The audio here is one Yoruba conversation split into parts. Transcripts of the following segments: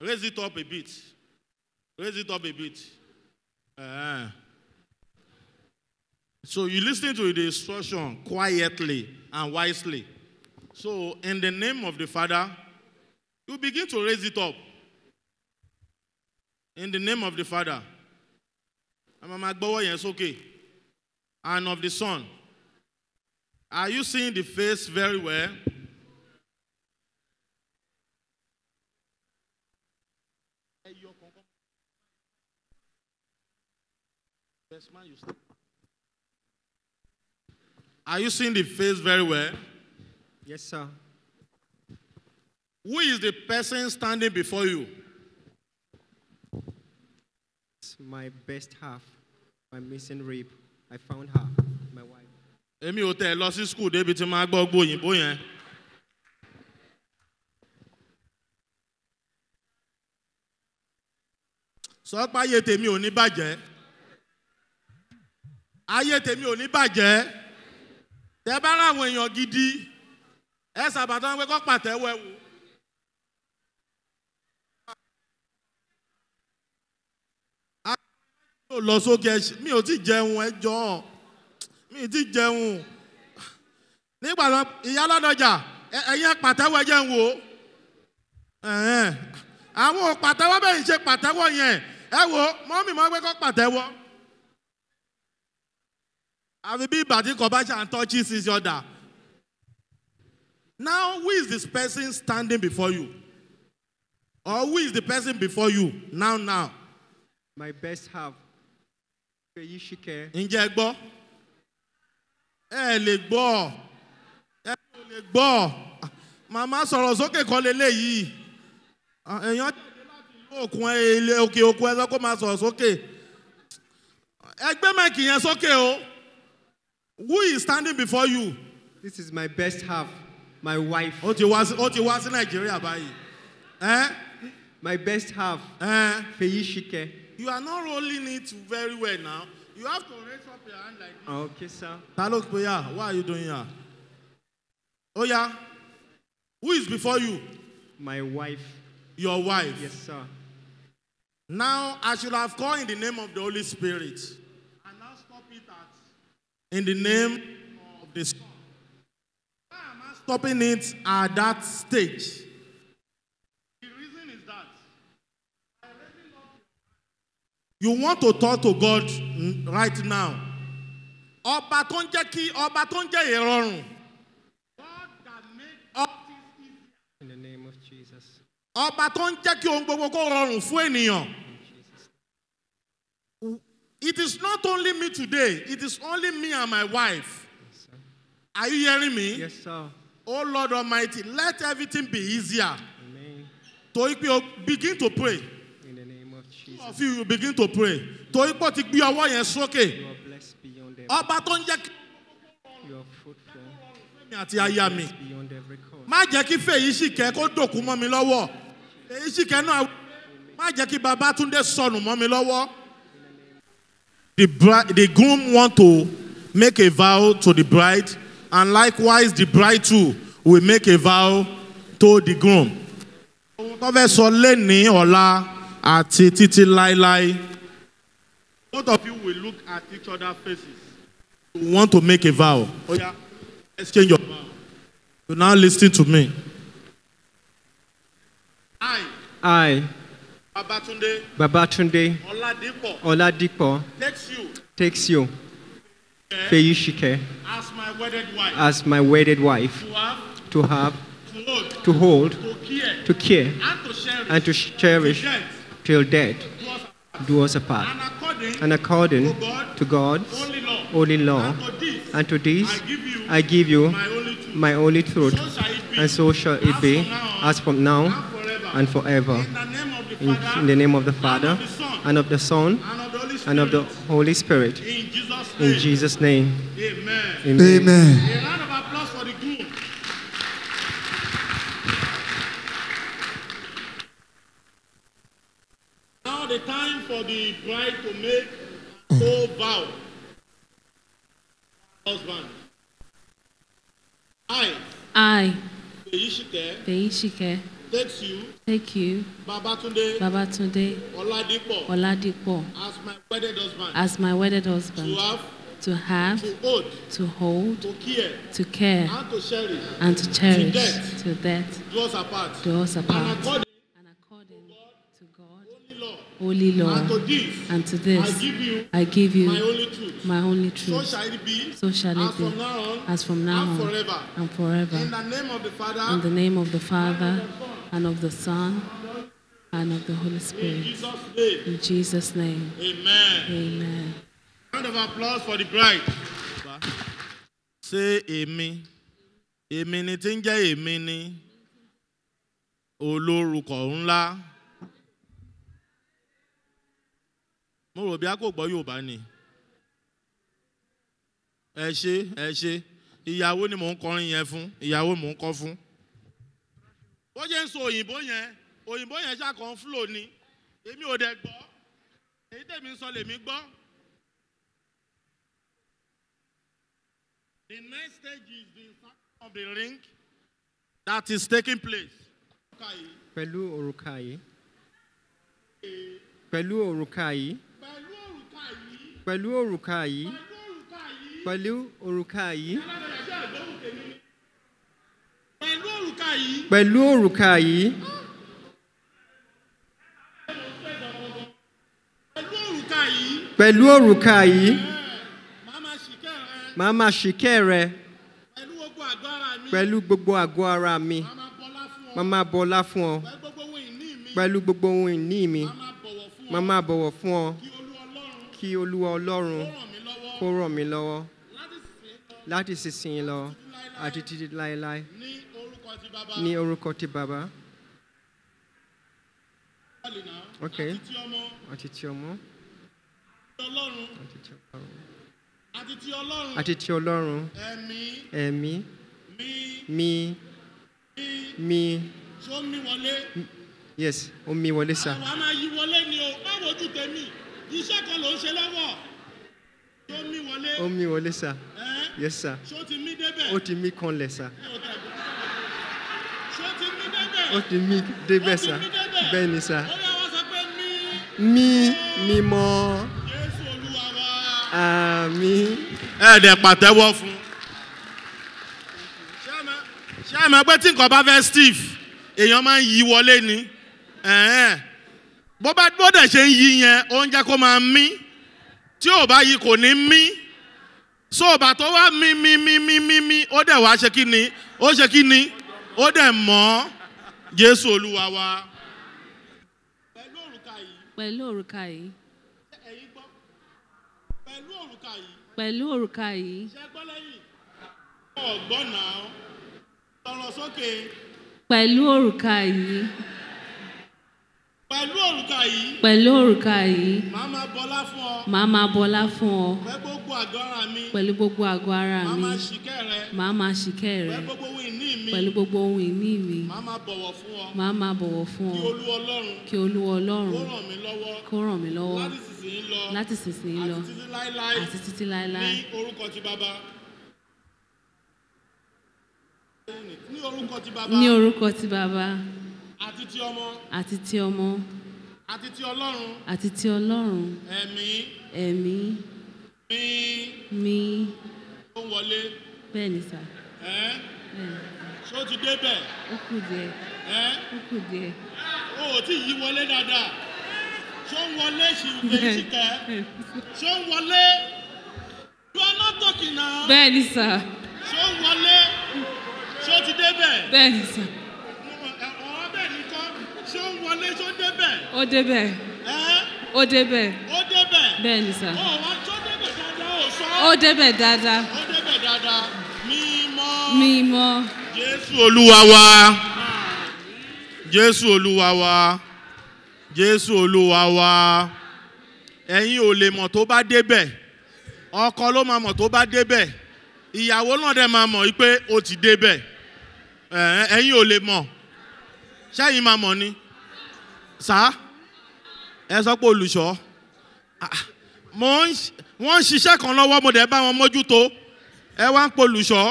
Raise it up a bit. Raise it up a bit. Uh, so you listen to the instruction quietly and wisely. So in the name of the Father, you begin to raise it up. In the name of the Father. okay. And of the Son. Are you seeing the face very well? investment you start. Are you seeing the face very well? Yes, sir. Who is the person standing before you? It's my best half, my missing rib. I found her, my wife. Emi ò tẹ̀ lọ sí school débi tí máa gbọ́ gbòyìnbó yẹn. Sọ pé ye temi ò ní bàjẹ́ ayé tèmi ò ní bàjẹ́ tẹ bá ráwọn èèyàn gidi ẹ sàbàtàn pé kọ́ pàtẹ́wọ́ ẹ mi ò lọ sókè mi ò tí jẹun ẹ jọ mi ò tí jẹun nígbà tó ìyá lọ́dọjà ẹ̀yin pàtẹ́wọ́ ẹ jẹ́ ń àwọn pàtẹ́wọ́ bẹ́ẹ̀ ṣe pàtẹ́wọ́ yẹn ẹ wò mọ́mì mọ́ pé kọ́ pàtẹ́wọ́. Have you been bad in compassion and touches his other? Now, who is this person standing before you? Or who is the person before you? Now, now. My best half. Feyisike. Ǹjẹ́ gbọ́? Ẹ lè gbọ́. Ẹ lè gbọ́. Màmá sọ̀rọ̀ sókè kan lélẹ́yìí. Èèyàn jáde láti ìlú òkun ilé òkè òkun ẹ̀ lọ́kọ́ máa sọ̀rọ̀ sókè. Ẹ gbé yẹn sókè o. Okay, okay. Who is standing before you? This is my best half, my wife. Ó ti wá sí ó ti wá sí Nàìjíríà báyìí. Eh? My best half. Eh? Feyi Shike. You are not rolling it very well now. You have to raise up your hand like this. Okay, sir. Ta ló What are you doing here? Oya. Who is before you? My wife. Your wife? Yes, sir. Now, I should have called in the name of the Holy Spirit. in the name of the Son. Stopping it at that stage. The reason is that you want to talk to God right now. In the name of Jesus. It is not only me today, it is only me and my wife. Yes, Are you hearing me? Yes, sir. Oh Lord Almighty, let everything be easier. Amen. To begin to pray. In the name of Jesus. of you, you begin to pray. To ipo ti gbe You are blessed beyond every. You are fruitful. aya mi. Beyond every cause. Má jẹ́ kí fèyí sì kẹ́ kó dòkú mọ́ mi lọ́wọ́. Èyí sì kẹ́ náà má jẹ́ kí Babátúndé sọnù mọ́ mi lọ́wọ́. The, bride, the groom want to make a vow to the bride, and likewise the bride too will make a vow to the groom. Ohun tó fẹ́ sọ lénìí ọ̀la àti títí láéláé. Both of you will look at each other faces. You want to make a vow. Oh yeah, exchange your vow. You now listen to me. I. I. Babatunde. Babatunde. Oladipo. Oladipo. Takes you. Takes you. Eh? Feyushike. As my wedded wife. As my wedded wife. To have. To have. To hold. To, hold, to care. And to cherish. And to cherish. Till death. Do us apart. And according, and according to, God, to God's only law. law. And, this, and to this, I give you, I give you my, only truth. my only truth. So and so shall it be, as from now, as from now and forever. And forever. In, in the name of the Father, and of the Son, and of the Holy Spirit. In Jesus' name. Amen. Amen. Amen. the Now the time for the bride to make an oath vow. Husband. I. I. Değişike. Değişike. Thank you. Thank you. Babatunde. Babatunde. Oladipo. Oladipo. As my wedded husband. As my wedded husband. To have. To have. To hold. To hold. To care. To care. And to cherish. And to cherish. To death. To death. us apart. us apart. Holy Lord. And to this, and to this I, give you, I give you my only truth. My only truth. So shall it be. So shall it be. From on, as from now and on. Forever. And forever. In the name of the Father. In the name of the Father. And of the Son. And of the Holy Spirit. In Jesus' name. In Jesus name. Amen. Amen. Round of applause for the bride. Say amen. Amen. ni tí ń jẹ́ mo rò bí a kò gbọ́ Yorùbá ni ẹ ṣe ẹ ṣe ìyàwó ni mò ń kọrin yẹn fún ìyàwó mò ń kọ fún bó ṣe ń sọ òyìnbó yẹn òyìnbó yẹn ṣàkàn fúlò ni èmi ò dẹ̀ gbọ́ èyí tèmi ń sọ lèmi gbọ́. The next stage is the insertion of the ring that is taking place. pẹ̀lú òrùka yìí pẹ̀lú òrùka yìí pẹ̀lú òrùka yìí pẹ̀lú òrùka yìí pẹ̀lú òrùka yìí pẹ̀lú òrùka yìí pẹ̀lú òrùka yìí màá máa ṣìkẹ́ rẹ pẹ̀lú gbogbo àgọ́ ara mi màá máa bọlá fún ọ pẹ̀lú gbogbo ohun ìní mi màá bọ̀wọ̀ fún ọ kí olúwa ọlọ́run kó ràn mí lọ́wọ́ láti sísìn lọ àti títí láéláé ní orúkọ ti bàbá. ok àti ti ọmọ. àti ti ọlọ́run. ẹ̀mí. mi. mi. yes ó mi wọlé sá. àwa máa wọlé ni o má wojú tèmi iṣẹ́ kan ló ń ṣe lọ́wọ́ tó wọlé. ó mí wọlé sá. yes sá. ṣó ti mí débẹ̀. ó ti mí kanlẹ̀ sá. ṣó ti mí débẹ̀. ó ti mí débẹ̀ sá. bẹ́ẹ̀ ni sá. ó yà wá sọ pé mí. mí mímọ́. jésù olúwa wa. àmín. ẹ̀ẹ́dẹ̀ pàtẹ́wọ́ fún. ṣé àmọ́ pé tí nǹkan bá fẹ́ steve èèyàn máa ń yí wọlé ni bó bá bó dẹ̀ ṣe ń yí yẹn oúnjẹ kó máa mí tí ò bá yí kò ní mí so bá tó wá mí mí mí mí mí mí ó dẹ̀ wá ṣe kí ni ó ṣe kí ni ó dẹ̀ mọ́ Jésù Olúwa wa. pẹ̀lú òrùka yìí. pẹ̀lú òrùka yìí. ẹ̀yin gbọ́ pẹ̀lú òrùka yìí. pẹ̀lú òrùka yìí. ṣé gbọ́ lẹ́yìn. ọ̀gbọ́n náà sọ̀rọ̀ sókè. pẹ̀lú òrùka yìí pẹ̀lú òrùka yìí. pẹ̀lú òrùka yìí. màá máa bọlá fún ọ. màá máa bọlá fún ọ. pẹ̀lú gbogbo àgọ́ ara mi. pẹ̀lú gbogbo àgọ́ ara mi. màá máa ṣìkẹ́ rẹ. màá máa ṣìkẹ́ rẹ. pẹ̀lú gbogbo ohun ìní mi. pẹ̀lú gbogbo ohun ìní mi. màá máa bọ̀wọ̀ fún ọ. màá máa bọ̀wọ̀ fún ọ. kí olú ọlọ́run. kí olú ọlọ́run. kó ràn mí lọ́wọ́. kó ràn mí lọ́wọ́. láti sísìn lọ. àti títí láéláé. ní orúkọ ti bàbá ní orúkọ ti bàbá. ní orúkọ ti bàbá àti ti ọmọ àti ti ọmọ àti ti ọlọ́run àti ti ọlọ́run ẹ̀mí ẹ̀mí mi mi ó wọlé bẹ́ẹ̀ ni sà. ẹ́ ṣé o ti débẹ̀. ó kù díẹ̀. ẹ́ ó kù díẹ̀. o ò tí yí wọlé dáadáa ṣé ń wọlé ṣì ń lè ṣìkẹ́ ṣé ń wọlé you are not talking now. bẹ́ẹ̀ ni sà. ṣé ń wọlé ṣé o ti débẹ̀. bẹ́ẹ̀ ni sà. ó débẹ̀ ó débẹ̀ ó débẹ̀ bẹ́ẹ̀ ni sà ó débẹ̀ dáadáa ó débẹ̀ dáadáa mímọ́ mímọ́ jésù olúwa wa jésù olúwa wa jésù olúwa wa ẹ̀yin ò lè mọ̀ tó bá débẹ̀ ọkọ ló máa mọ̀ tó bá débẹ̀ ìyàwó náà dẹ̀ máa mọ̀ pé ó ti débẹ̀ ẹ̀yin ò lè mọ̀ ṣẹ́yìn máa mọ̀ ni sá ẹ sọ pé olùṣọ́ ah, ah, wọ́n ń ṣiṣẹ́ kan lọ́wọ́ mo dẹ̀ bá wọn mójútó ẹ wá ń polùṣọ́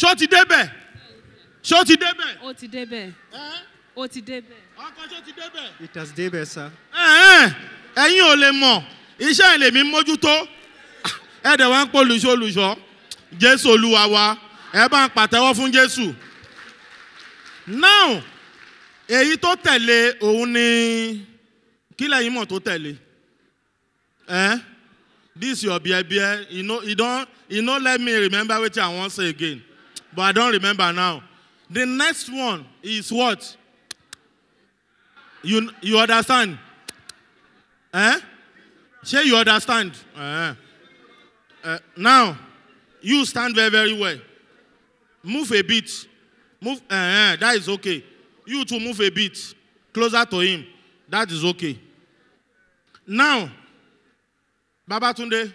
ṣó ti débẹ̀ ṣó ti débẹ̀. ó ti débẹ̀ ó ti débẹ̀. ọkọ ṣó ti débẹ̀. it has débẹ̀ sir. ẹ̀yin ò lè mọ̀ iṣẹ́ ìlèmí mójútó ah, ẹ dẹ̀ wá ń polùṣọ́ olùṣọ́ jésù olúwa wa ẹ bá ń pàtẹ́wọ́ fún jésù. now èyí tó tẹ̀lé òun ni kí lẹ́yìn mọ̀ tó tẹ̀lé ẹ́ this your bie bie you know you don you no let me remember wetin I wan say again but I don remember now the next one is what you you understand eh shey you understand eh uh, now you stand very very well move a bit move Eh? uh, that is okay you too move a bit closer to him That is okay. Now, Babatunde,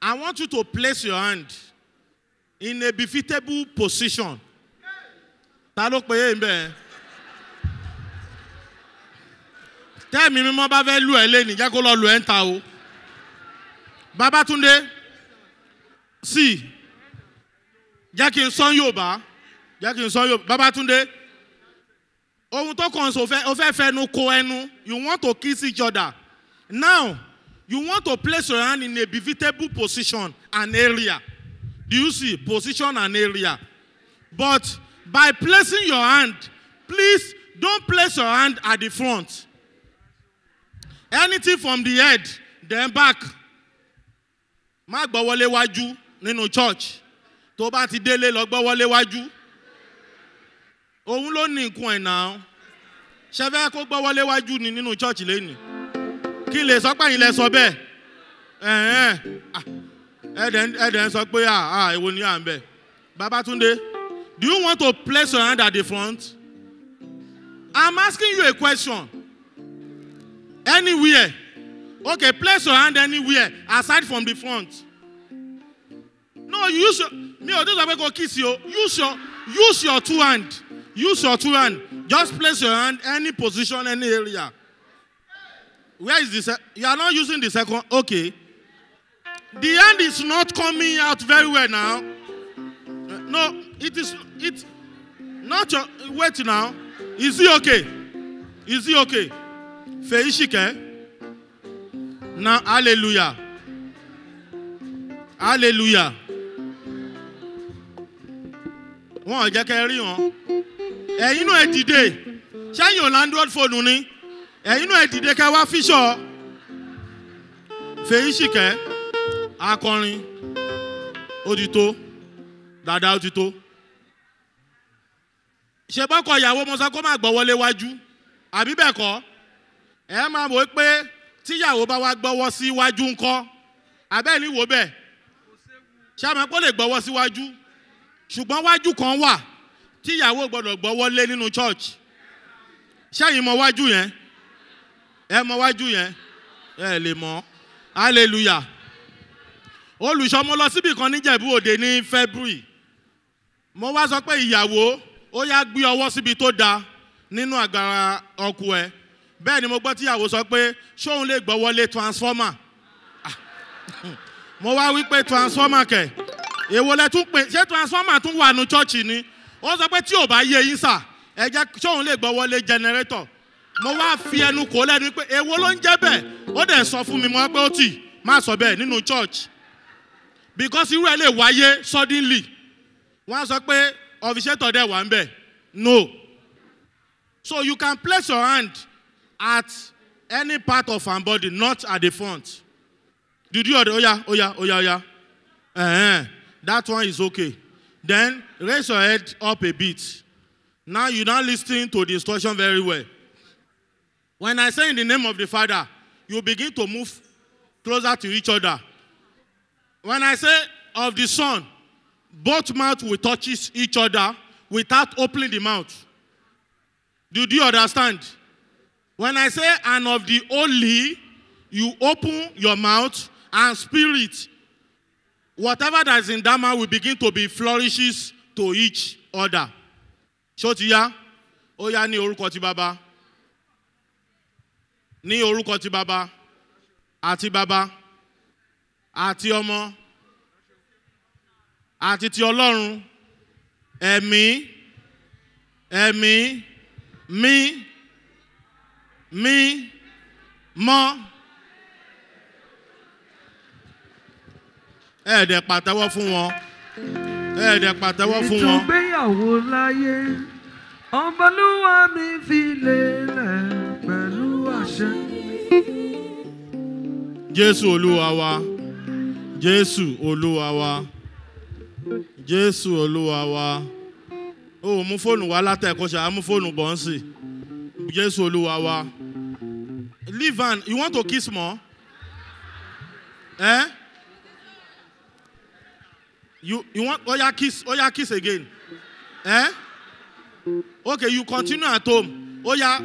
I want you to place your hand in a befitable position. Tell me, pe é mbẹ́? Tẹ́ẹ̀mí mímọ́ bá fẹ́ lù ẹ́ lé ní jẹ́ kó lọ lù ẹ́ ń ta o. Babatunde, sí, jẹ́ kí n sọ Yorùbá, jẹ́ Babatunde ohun tó kàn sí o fẹ́ fẹnu ko ẹnu you want to kiss each other now you want to place your hand in a bevitable position and area do you see position and area but by placing your hand please don't place your hand at the front anything from the head then back má gbọ́wọ́lé wájú nínú church tó bá ti délé lọ gbọ́wọ́lé wájú òun ló ní nǹkan ẹ̀ náà ṣe fẹ́ kó gbọ́ wọlé wájú ni nínú chọ́ọ̀chì lẹ́nu kí lè sọ pé ẹ̀yin lẹ sọ bẹ́ẹ̀ ẹ̀ẹ́dẹ̀ ah, ń sọ pé ah, ah, èwo ni à ń bẹ̀ Babatunde do you want to place your hand at the front I am asking you a question anywhere okay place your hand anywhere aside from the front no use your mi ò dé sọ pé kò kiss you use your use your two hands. Use your two hands. Just place your hand any position, any area. Where is this? You are not using the second. Okay. The hand is not coming out very well now. No, it is. It's not your. Wait now. Is he okay? Is he okay? Feishike. Now, hallelujah. Hallelujah. Wọ́n jẹ́ kẹ́ rí wọn ẹ̀yin náà ẹ dìde ṣẹ́yìn ò landlord fóònù ni ẹ̀yin náà ẹ dìde kẹ́ wá fíṣọ̀ fèyí ṣìkẹ́ akọrin ó dada tó dáadáa ó ti tó ṣe bọ́kọ̀ ìyàwó mọ́sá kó má gbọ́ wọlé wájú àbí bẹ́ẹ̀ kọ́ ẹ máa wò ó pé tíyàwó bá wá gbọ́wọ́ síwájú ńkọ́ abẹ́ẹ̀ ní wò bẹ́ẹ̀ ṣé àmọ́ kó lè gbọ́wọ́ síwájú wájú kan wà tíyàwó gbọdọ̀ gbọ́ wọlé nínú church ṣẹ́yìn mọ wájú yẹn ẹ mọ wájú yẹn ẹ lè mọ hallelujah olùṣọ́mọ lọ síbì kan níjẹ̀bú òde ní February mo wá sọ pé ìyàwó ó yá gbé ọwọ́ síbi tó da nínú àgbàrá ọkù ẹ bẹ́ẹ̀ ni mo gbọ́ tíyàwó sọ pé ṣóun lè gbọ́ wọlé transformer mo wá wí pé transformer kẹ̀ èwo lẹ tún pè ṣé transformer tún wà nù chọ́ọ̀chì ni wọ́n sọ pé tí ò bá yé yín sà ẹ jẹ́ sóun lè gbọ́ wọlé jẹnẹrétọ̀ mo wá fi ẹnu kò lẹ́nu pé èwo ló ń jẹ́ bẹ́ẹ̀ ó dẹ̀ sọ fún mi mọ́ pé ó tì má sọ bẹ́ẹ̀ nínú church because irú ẹ lè wáyé suddenly wọ́n sọ pé officiator dẹ̀ wà ń bẹ̀ no so you can place your hand at any part of our body not at the front did you oya oya oya oya uh -huh. that one is okay. Then raise your head up a bit. Now you're not listening to the instruction very well. When I say in the name of the Father, you begin to move closer to each other. When I say of the Son, both mouths will touch each other without opening the mouth. Do you understand? When I say and of the Holy, you open your mouth and spirit whatever that is in that man will begin to be flourishes to each other. ṣó ti yá ó yá ní orúkọ ti bàbá ní orúkọ ti bàbá àti bàbá àti ọmọ àti ti ọlọ́run ẹ̀mí ẹ̀mí mí mí mọ́. ẹ̀ẹ́dẹ̀ pàtẹ́wọ́ fún wọn ẹ̀ẹ́dẹ̀ pàtẹ́wọ́ fún wọn. ìtúgbéyàwó láyé ọmọlúwa mi fi lélẹ̀ pẹ̀lú àṣẹ. jésù olúwa wa jésù olúwa wa jésù olúwa wa ó mú fóònù wá látẹ̀kọ́ ṣáà mú fóònù bọ̀ ń sì jésù olúwa wa leave you want to kiss more. Eh? You you want Oya oh kiss Oya oh kiss again? Eh? Okay, you continue at home. Oya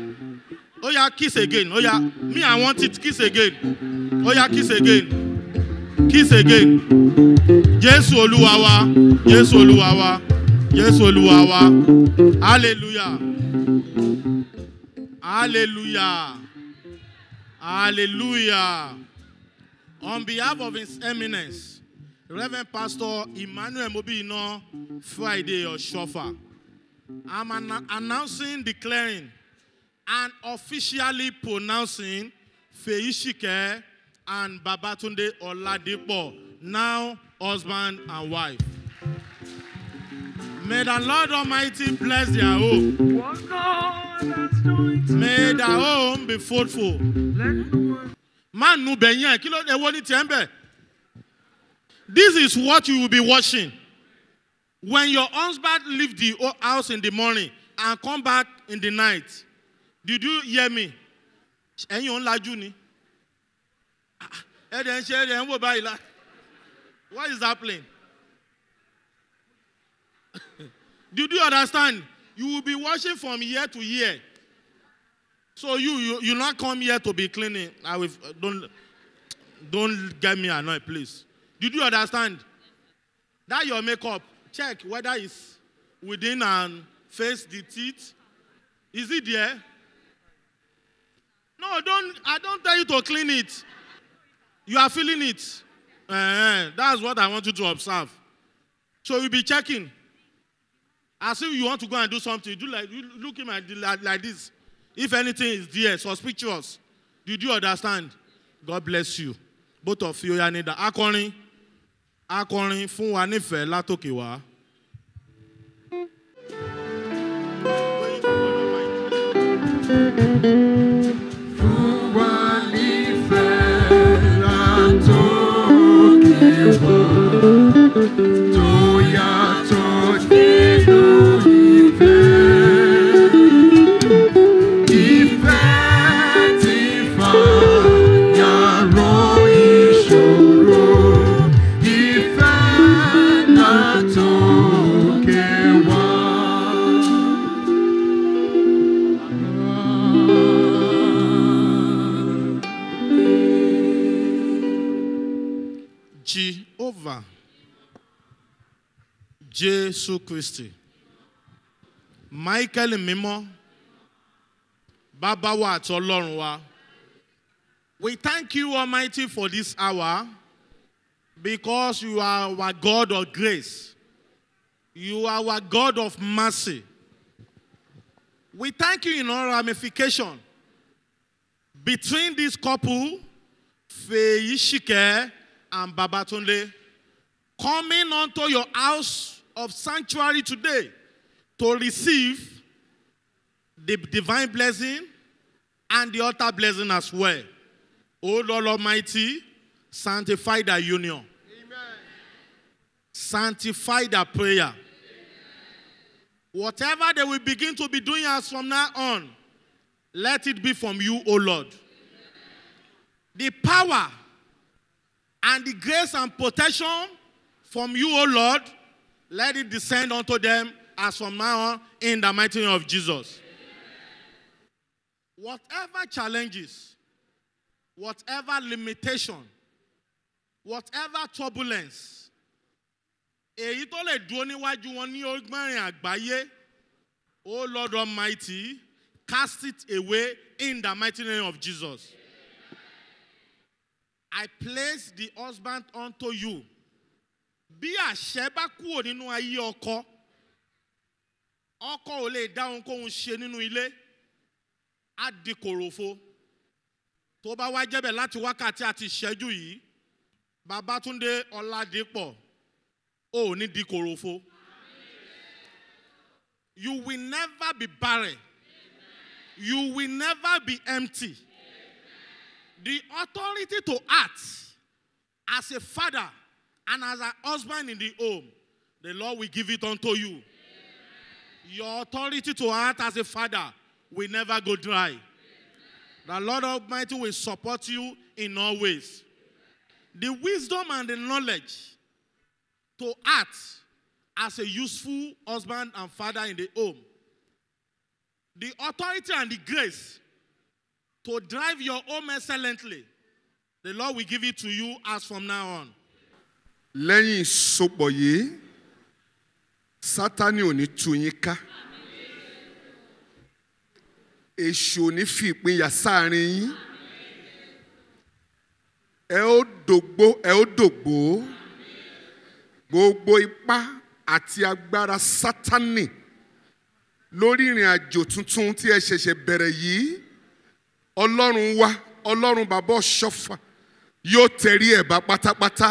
oh Oya kiss again. Oya me I want it kiss again. Oya kiss again. Kiss again. Jesus Oluwawa. Jesus Oluwawa. Jesus Oluwawa. Jésù Olúwa wa. Hallelujah. Hallelujah. Hallelujah. On behalf of His Eminence, Reverend Pastor Emmanuel Mobino Friday or Shofa. I'm an announcing, declaring, and officially pronouncing Feishike and Babatunde Oladipo, now husband and wife. May the Lord Almighty bless their home. May their home be fruitful. Má nu bẹ̀yìn kilo kí ló dé wo ní tiẹ̀ This is what you will be washing. When your husband leave the house in the morning and come back in the night, did you hear me? Ẹ̀yin òun lajú ni. Ẹ̀dẹ̀ ń ṣe ẹ̀dẹ̀ ń wò báyìí la. What is happening? Did you understand? You will be washing from year to year. So you you you not come here to be cleaning. I will don't don't get me annoyed, please. Did you understand? That your makeup, check whether it's within and face the teeth. Is it there? No, don't. I don't tell you to clean it. You are feeling it. Uh, that's what I want you to observe. So you'll be checking. As if you want to go and do something, do like you look at the, like, like this. If anything is there, suspicious. Did you understand? God bless you. Both of you, Yanida. Akoni akọrin fún wa nífẹ̀ẹ́ látòkè wá. thank you over Jésù Kristi Michael mímọ́ bàbá wa àti we thank you Almighty for this hour because you are our God of grace you are our God of mercy we thank you in all ramification between this couple Feishike and Babatunde, coming unto your house of sanctuary today to receive the divine blessing and the altar blessing as well. O Lord Almighty, sanctify the union. Amen. Sanctify the prayer. Amen. Whatever they will begin to be doing as from now on, let it be from you, O Lord. Amen. The power And the grace and protection from you, O Lord, let it descend unto them as from now on in the mighty name of Jesus. Amen. Whatever challenges, whatever limitation, whatever turbulence, èyí tó lè dúró níwájú wọn ní ọgbẹ́rin àgbáyé, O Lord Almighty, cast it away in the mighty name of Jesus. Amen. I place the husband unto you. Bí àṣẹ bá kúrò nínú ayé ọkọ, ọkọ ò lè dá ohunkóhun ṣe nínú ilé, á di kòròfo. Tó bá wá jẹ́bẹ̀ láti wákàtí àti ìṣẹ́jú yìí, Babátúndé Ọládépọ̀ ò ní di kòròfo. You will never be barren. You will never be empty. the authority to act as a father and as a husband in the home, the Lord will give it unto you. Amen. Your authority to act as a father will never go dry. Amen. The Lord Almighty will support you in all ways. The wisdom and the knowledge to act as a useful husband and father in the home. The authority and the grace to drive your home excellently. The Lord will give it to you as from now on. Lẹ́yìn ìsopọ̀ yìí, Sátánì ò ní tú yín ká. Èṣù ò ní fi ìpínyà sáàrin yín. Ẹ ó dògbó, ẹ ó dògbó. Gbogbo ipá àti agbára Sátánì lórí ìrìn àjò tuntun tí ẹ ṣẹ̀ṣẹ̀ bẹ̀rẹ̀ yìí ọlọ́run wa ọlọ́run bàbá ọ̀ṣọ́fà yóò tẹ̀rí ẹ̀ bá pátápátá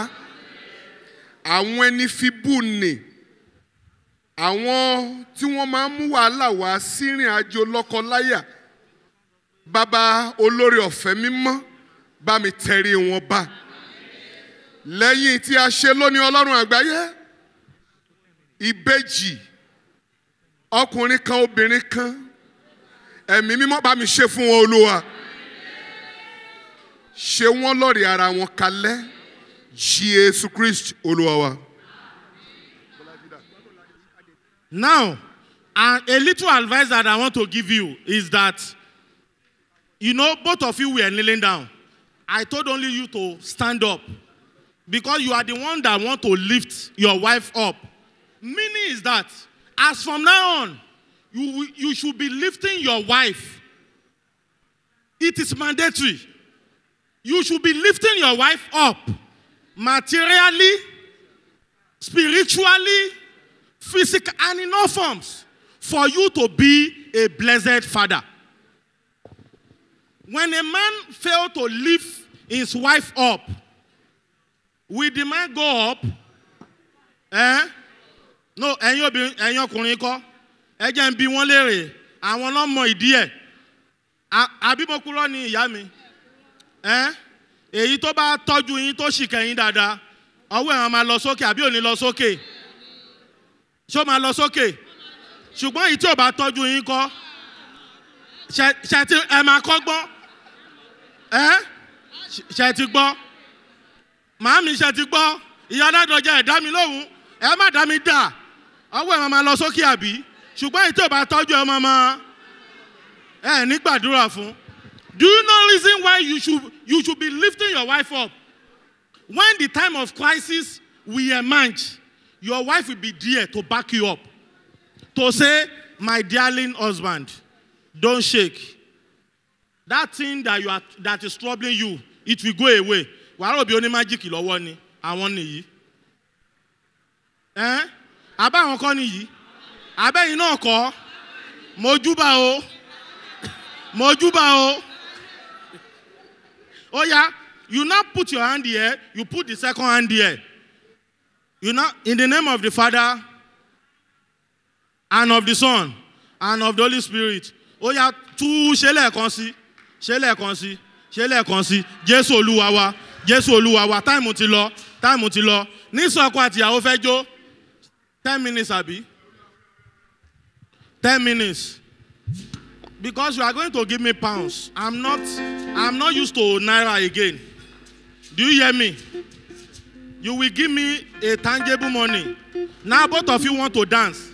àwọn ẹni fíbù nì àwọn tí wọ́n máa ń mú wàhálà wá sírìn àjò lọ́kọláyà bàbá olórí ọ̀fẹ́ mímọ́ bá mi tẹ̀rí wọn bá lẹ́yìn tí a ṣe lónìí ọlọ́run àgbáyé ìbejì ọkùnrin kan obìnrin kan ẹ̀mí mímọ́ bá mi ṣe fún wọn olúwa ṣe wọ́n lọ́rẹ̀ ara wọn kalẹ̀ jésù christ olúwa wa. now and a little advice that i want to give you is that you know both of you were kneeling down i told only you to stand up because you are the one that want to lift your wife up meaning is that as from now on you, you should be lifting your wife. It is mandatory. You should be lifting your wife up materially, spiritually, physical, and in all forms for you to be a blessed father. When a man fails to lift his wife up, will the man go up? Eh? No, ẹ̀yin obìnrin ẹ̀yin ọkùnrin kọ́ ẹ jẹ́ ń bi wọ́n léèrè àwọn ọlọ́mọ ìdí ẹ̀ àbí mo kúrò ní ìyá mi ẹ èyí tó bá tọ́jú yín tó sì kẹ́yìn dáadáa ọwọ́ ẹ̀ràn máa lọ sókè àbí ò ní lọ sókè ṣó máa lọ sókè ṣùgbọ́n èyí tí ò bá tọ́jú yín kọ́ ṣètì ẹ máa kọ́ gbọ́ ẹ ṣètì gbọ́ màámi ṣètì gbọ́ ìyá adájọ́ jẹ́ ẹ̀dá mi lóhùn ẹ má dá mi dà ọwọ́ ẹ̀ràn máa lọ sókè àbí ṣùgbọ́n èyí tó bá tọ́jú ọmọ ọmọ ẹ ní gbàdúrà fún. Do you know reason why you should, you should be lifting your wife up? When the time of crisis will emerge, your wife will be there to back you up. To say, my darling husband, don't shake. That thing that, you are, that is troubling you, it will go away. Wàhálà òbí onímájíkì lọ́wọ́ ni, àwọn nìyí. Ẹ́ abáwọn kọ́ nìyí abẹ́yìn náà kọ́ mojúbà o mojúbà o ó yá you now put your hand here you put the second hand here you now in the name of the father and of the son and of the holy spirit ó yá tú ṣe lẹ́ẹ̀kan sí ṣe lẹ́ẹ̀kan sí ṣe lẹ́ẹ̀kan sí jésù olúwa wa jésù olúwa wa táìmù ti lọ táìmù ti lọ ní sọkọ àtìyàwó fẹ́ jó ten minutes àbí. 10 minutes. Because you are going to give me pounds. I'm not I'm not used to naira again. Do you hear me? You will give me a tangible money. Now both of you want to dance.